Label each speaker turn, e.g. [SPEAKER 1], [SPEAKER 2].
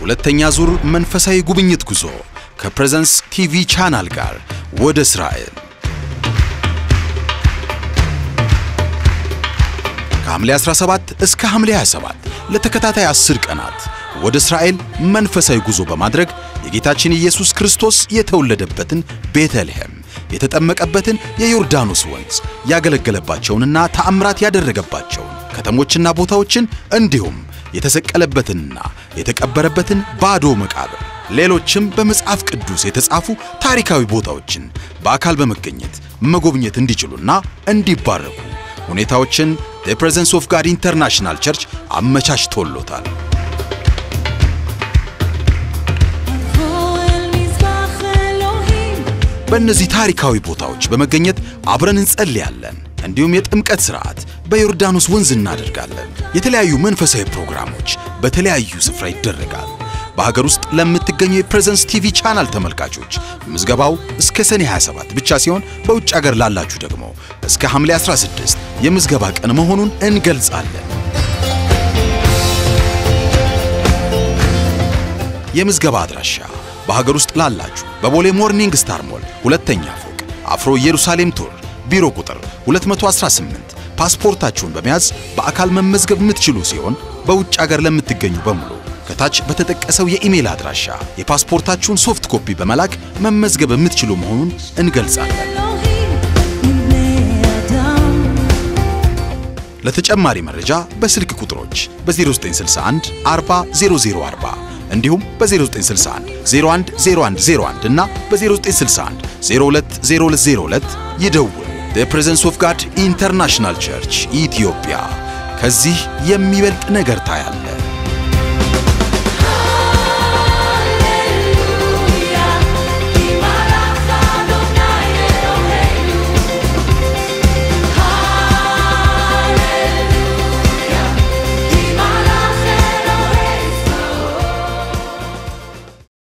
[SPEAKER 1] ሁለተኛ ዙር መንፈሳዊ ጉብኝት ጉዞ ከፕሬዘንስ ቲቪ ቻናል ጋር ወደ እስራኤል ከሐምሌ 17 እስከ ሐምሌ 27 ለተከታታይ 10 ቀናት ወደ እስራኤል መንፈሳዊ ጉዞ በማድረግ የጌታችን ኢየሱስ ክርስቶስ የተወለደበትን ቤተልሔም የተጠመቀበትን የዮርዳኖስ ወንዝ ያገለገለባቸውንና ተአምራት ያደረገባቸውን ከተሞችና ቦታዎችን እንዲሁም የተሰቀለበትንና የተቀበረበትን ባዶ መቃብር፣ ሌሎችም በመጽሐፍ ቅዱስ የተጻፉ ታሪካዊ ቦታዎችን በአካል በመገኘት መጎብኘት እንዲችሉና እንዲባረኩ ሁኔታዎችን ዘ ፕሬዘንስ ኦፍ ጋድ ኢንተርናሽናል ቸርች አመቻችቶሎታል። በእነዚህ ታሪካዊ ቦታዎች በመገኘት አብረን እንጸልያለን። እንዲሁም የጥምቀት ስርዓት በዮርዳኖስ ወንዝ እናደርጋለን። የተለያዩ መንፈሳዊ ፕሮግራሞች በተለያዩ ስፍራ ይደረጋል። በሀገር ውስጥ ለምትገኙ የፕሬዘንስ ቲቪ ቻናል ተመልካቾች ምዝገባው እስከ ሰኔ 27 ብቻ ሲሆን በውጭ ሀገር ላላችሁ ደግሞ እስከ ሐምሌ 16 የምዝገባ ቀን መሆኑን እንገልጻለን። የምዝገባ አድራሻ በሀገር ውስጥ ላላችሁ በቦሌ ሞርኒንግ ስታር ሞል ሁለተኛ ፎቅ አፍሮ ኢየሩሳሌም ቱር ቢሮ ቁጥር 218 ፓስፖርታችሁን በመያዝ በአካል መመዝገብ የምትችሉ ሲሆን በውጭ አገር ለምትገኙ በሙሉ ከታች በተጠቀሰው የኢሜል አድራሻ የፓስፖርታችሁን ሶፍት ኮፒ በመላክ መመዝገብ የምትችሉ መሆኑን እንገልጻለን። ለተጨማሪ መረጃ በስልክ ቁጥሮች በ0961 40 0040 እንዲሁም በ0961 01 010101 እና በ0961 020202 ይደውሉ። ፕሬዘንስ ኦፍ ጋድ ኢንተርናሽናል ቸርች ኢትዮጵያ ከዚህ የሚበልጥ ነገር ታያለ።